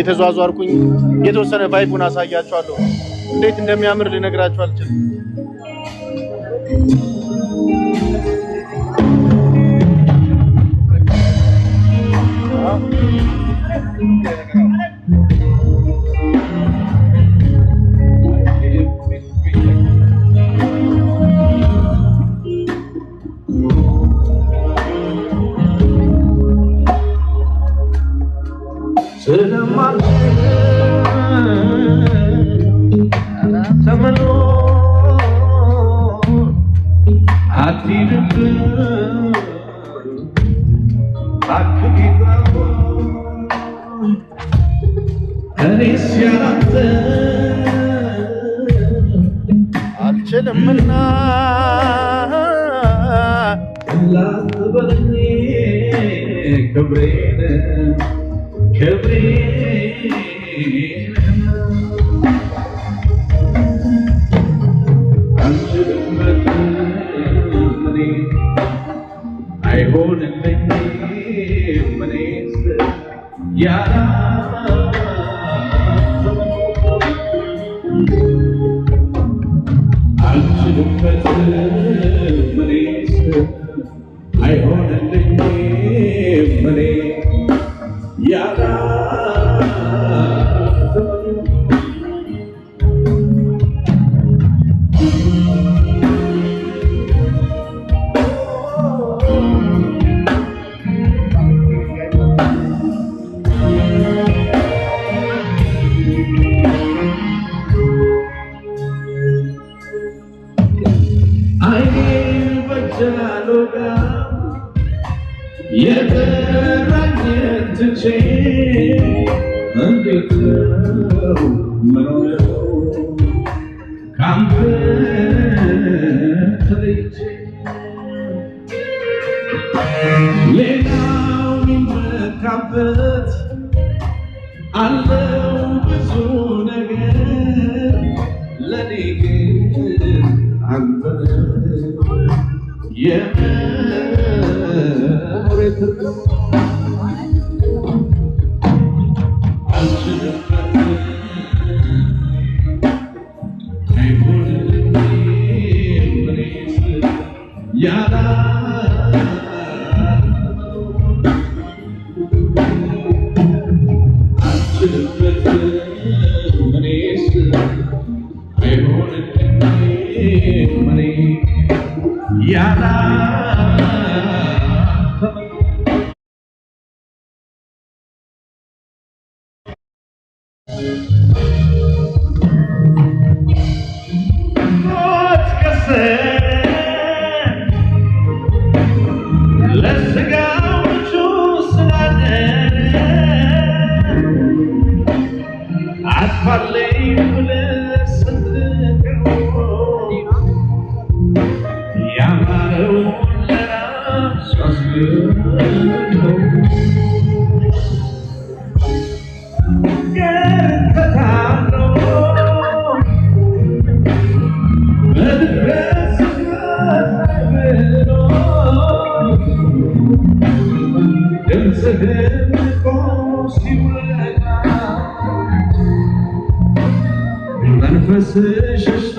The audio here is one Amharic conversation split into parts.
እየተዟዟርኩኝ የተወሰነ ቫይቡን አሳያችኋለሁ። እንዴት እንደሚያምር ልነግራችሁ አልችልም። Thank አልችልምና ላበለኝ ክብሬን ክብሬን I hold and make me, my name's የምሬ ትርጉም Música መንፈስ ሸሽቶ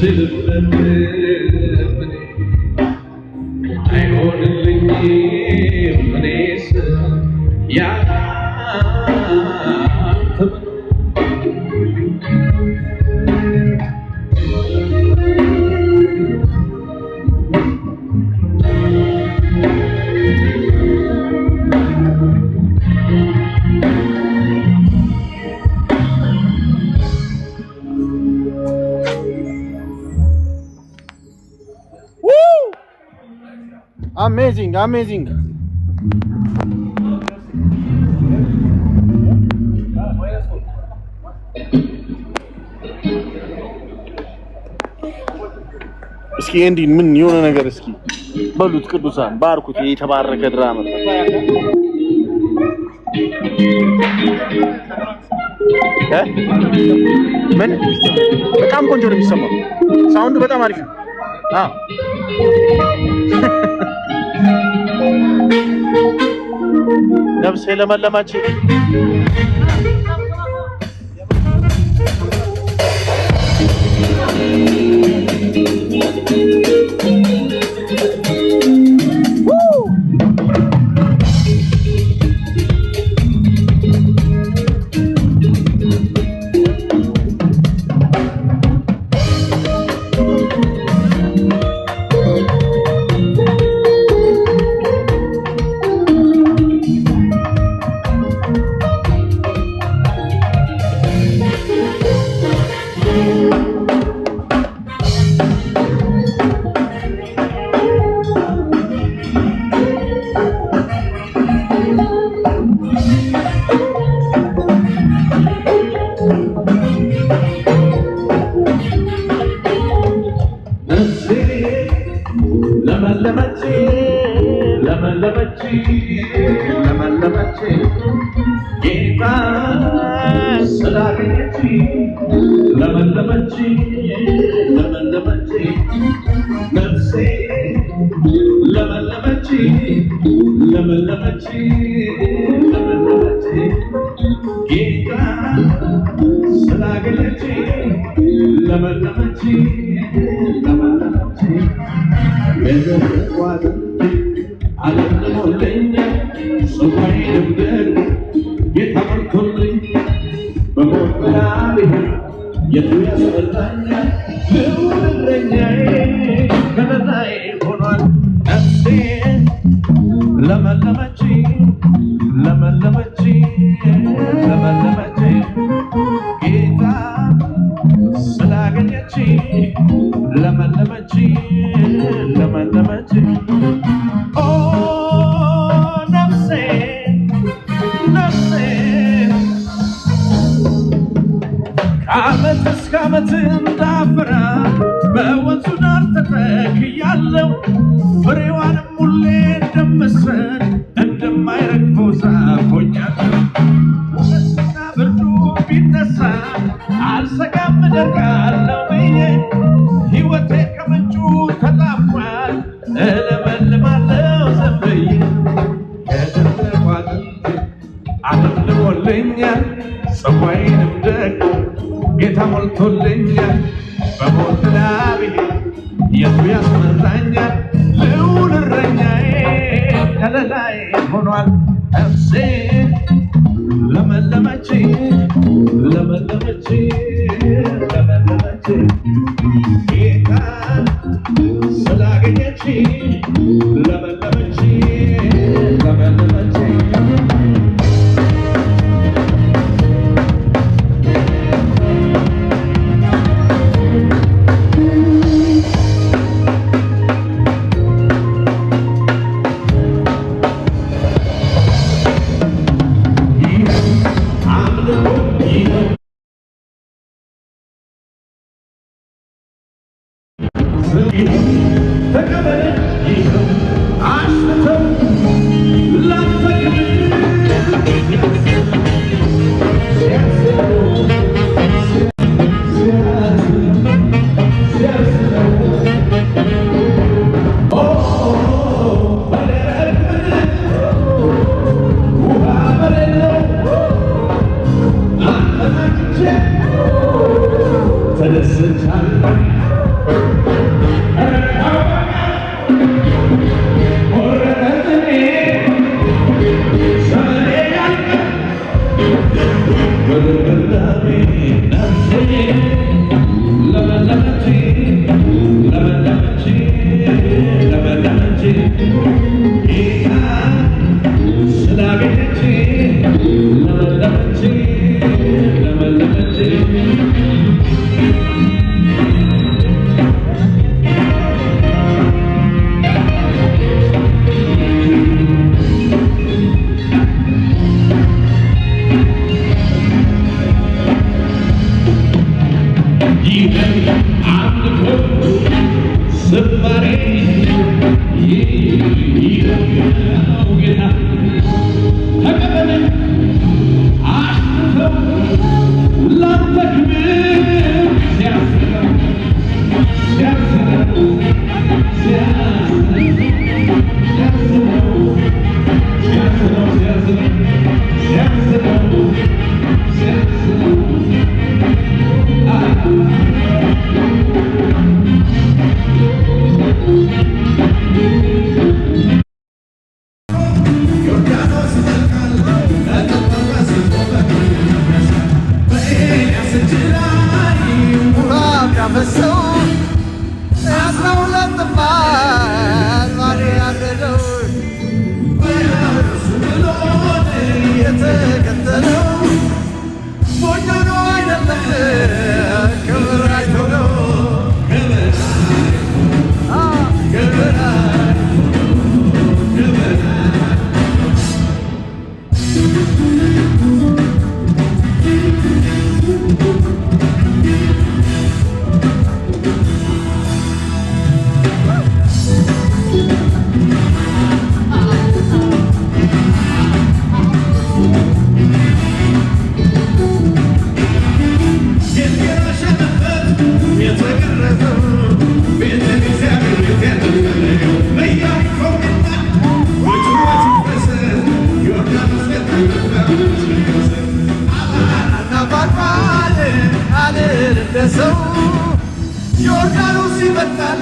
Sit up and አሜዚንግ እስኪ እንዲ ምን የሆነ ነገር እስኪ በሉት ቅዱሳን ባርኩት። የተባረከ ድራማ ምን በጣም ቆንጆ ነው የሚሰማው። ሳውንዱ በጣም አሪፍ ነው። አዎ ነፍሴ ለመለማች የቱ ያስጠላኝ ተሞልቶልኛል በሞት ጥላ ብሄድ የቱ ያስመራኛል? ልዑል እረኛዬ ከለላዬ ሆኗል ነፍሴ ለመለመች ዮርዳኖስ ይመጣል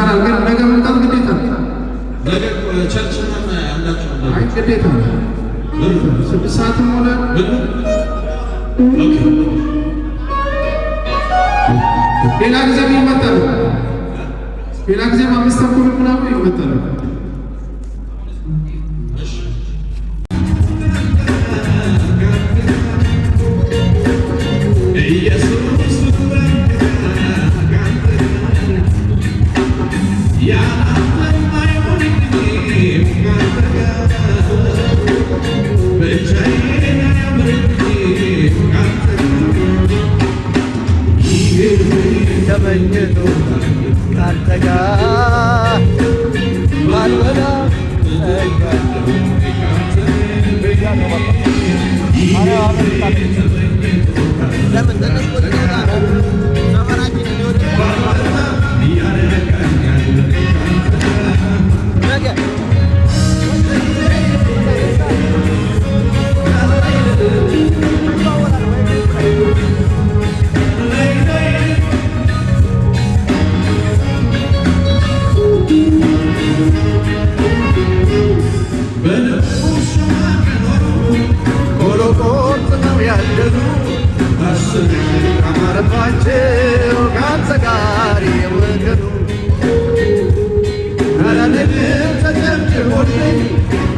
ይቻላል፣ ግን ነገ መምጣት ግዴታ ግዴታ ስድስት ሰዓትም ሆነ ሌላ ጊዜም ይመጣሉ። ሌላ ጊዜም አምስት ተኩል ምናምን ይመጣሉ።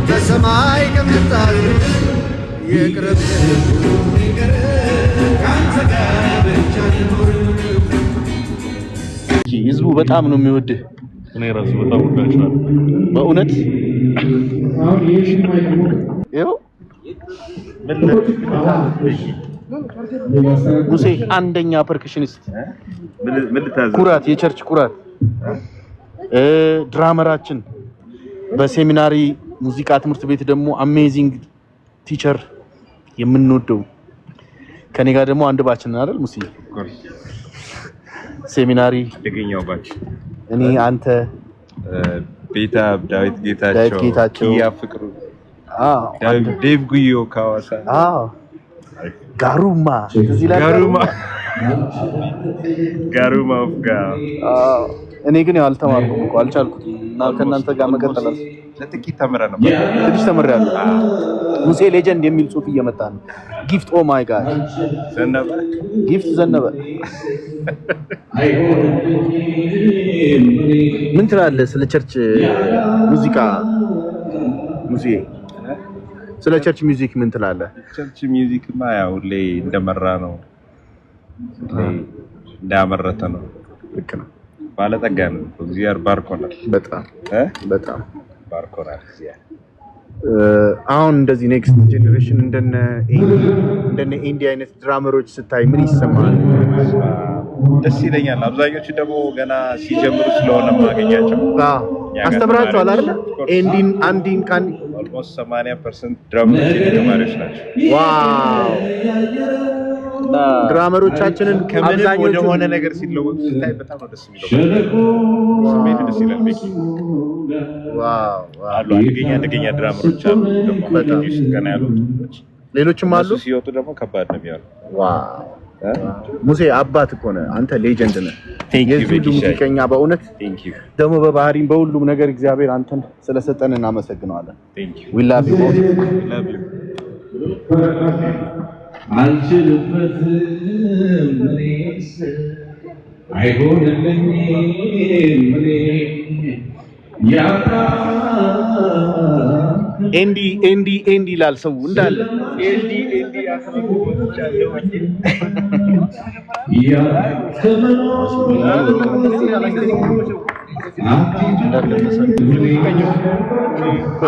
በሰማይ ከምታዝ የቅርብ ህዝቡ በጣም ነው የሚወድህ። እኔ ራሱ በጣም ወዳችኋል በእውነት ሙሴ አንደኛ ፐርክሽኒስት ኩራት፣ የቸርች ኩራት ድራመራችን በሴሚናሪ ሙዚቃ ትምህርት ቤት ደግሞ አሜዚንግ ቲቸር የምንወደው ከኔ ጋር ደግሞ አንድ ባችን አይደል ሙሲ ሴሚናሪ ደገኛው ባች እኔ አንተ ቤታ ዳዊት ጌታቸው ጌታቸው ያ ፍቅሩ ዴቭ ጉዮ ካዋሳ አዎ ጋሩማ ጋሩማ ጋሩማ ኦፍ አዎ እኔ ግን ያው አልተማርኩም እኮ አልቻልኩት፣ እና ከእናንተ ጋር መቀጠላል ለጥቂት ተምረ ነው ትንሽ ተምር ያለ ሙሴ ሌጀንድ የሚል ጽሁፍ እየመጣ ነው። ጊፍት ኦ ማይ ጋድ ዘነበ ጊፍት ዘነበ ምን ትላለህ ስለ ቸርች ሙዚቃ? ሙሴ ስለ ቸርች ሚውዚክ ምን ትላለህ? ቸርች ሚውዚክማ ያው ሁሌ እንደመራ ነው፣ እንዳመረተ ነው። ልክ ነው። ባለጠጋ ነው። እግዚአብሔር ባርኮናል፣ በጣም በጣም ባርኮናል እግዚአብሔር። አሁን እንደዚህ ኔክስት ጄኔሬሽን እንደነ እንደነ ኢንዲ አይነት ድራመሮች ስታይ ምን ይሰማል? ደስ ይለኛል። አብዛኞቹ ደግሞ ገና ሲጀምሩ ስለሆነ ማገኛቸው አስተምራቸዋል አይደል? ኤንዲን አንዲን ካን ኦልሞስት 80 ፐርሰንት ድራመሮች ተማሪዎች ናቸው። ዋው ድራመሮቻችንን ከምንም ወደሆነ ነገር ሲለወጡ ስታይ በጣም ነው ደስ የሚለው። ስሜት ደስ ድራመሮች አሉ። ያሉ ሌሎችም አሉ። ሲወጡ ደግሞ ከባድ ነው የሚሆነው። ሙሴ አባት እኮ ነህ አንተ፣ ሌጀንድ ነህ። የዚህ ሙዚቀኛ በእውነት ደግሞ በባህሪም በሁሉም ነገር እግዚአብሔር አንተን ስለሰጠን እናመሰግነዋለን። ዊ ላቭ ዩ አልችልበትም እኔስ አይሆንልኝም እኔ ያታ ኤንዲ ኤንዲ ኤንዲ ይላል ሰው እንዳለ ኤንዲ ኤንዲ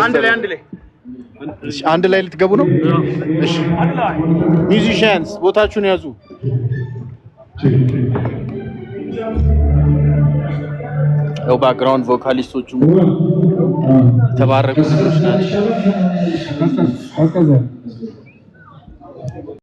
አንድ ላይ አንድ ላይ አንድ ላይ ልትገቡ ነው? እሺ ሚዚሽያንስ ቦታችሁን ያዙ። ያው ባክግራውንድ ቮካሊስቶቹም የተባረኩ ናቸው።